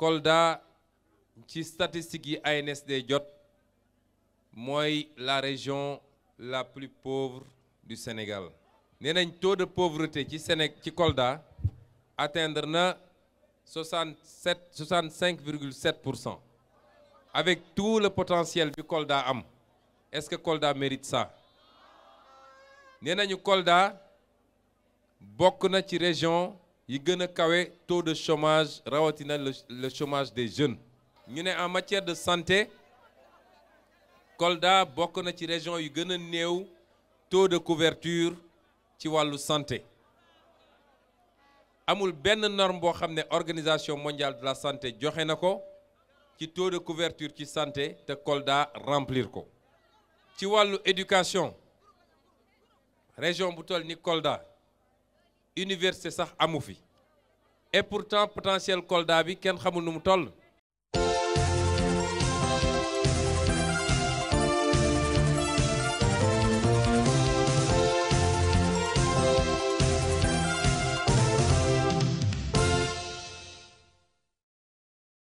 Kolda ci statistiques yi ANSD jot mooy la région la plus pauvre du Sénégal nee nañ taux de pauvreté ci Séné ci Kolda atteindre na 67 65 virgule 7 pour cent avec tout le potentiel bi Kolda am est-ce que Kolda mérite sa nee nañu Kolda bokk na ci région yi gën a kawe taux de chomage rawatina le chomage des jeunes ñu ne en matière de santé Kolda bokk na ci région yi gën a néew taux de couverture ci wàllu santé amul benn norme boo xam ne organisation mondiale de la santé joxe na ko ci taux de couverture ci santé te Kolda remplir ko ci wàllu éducation région bu toll ni Kolda université sax amu fi et pourtant potentiel Kolda bi kenn xamul nu mu toll